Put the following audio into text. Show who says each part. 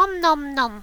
Speaker 1: Om nom nom.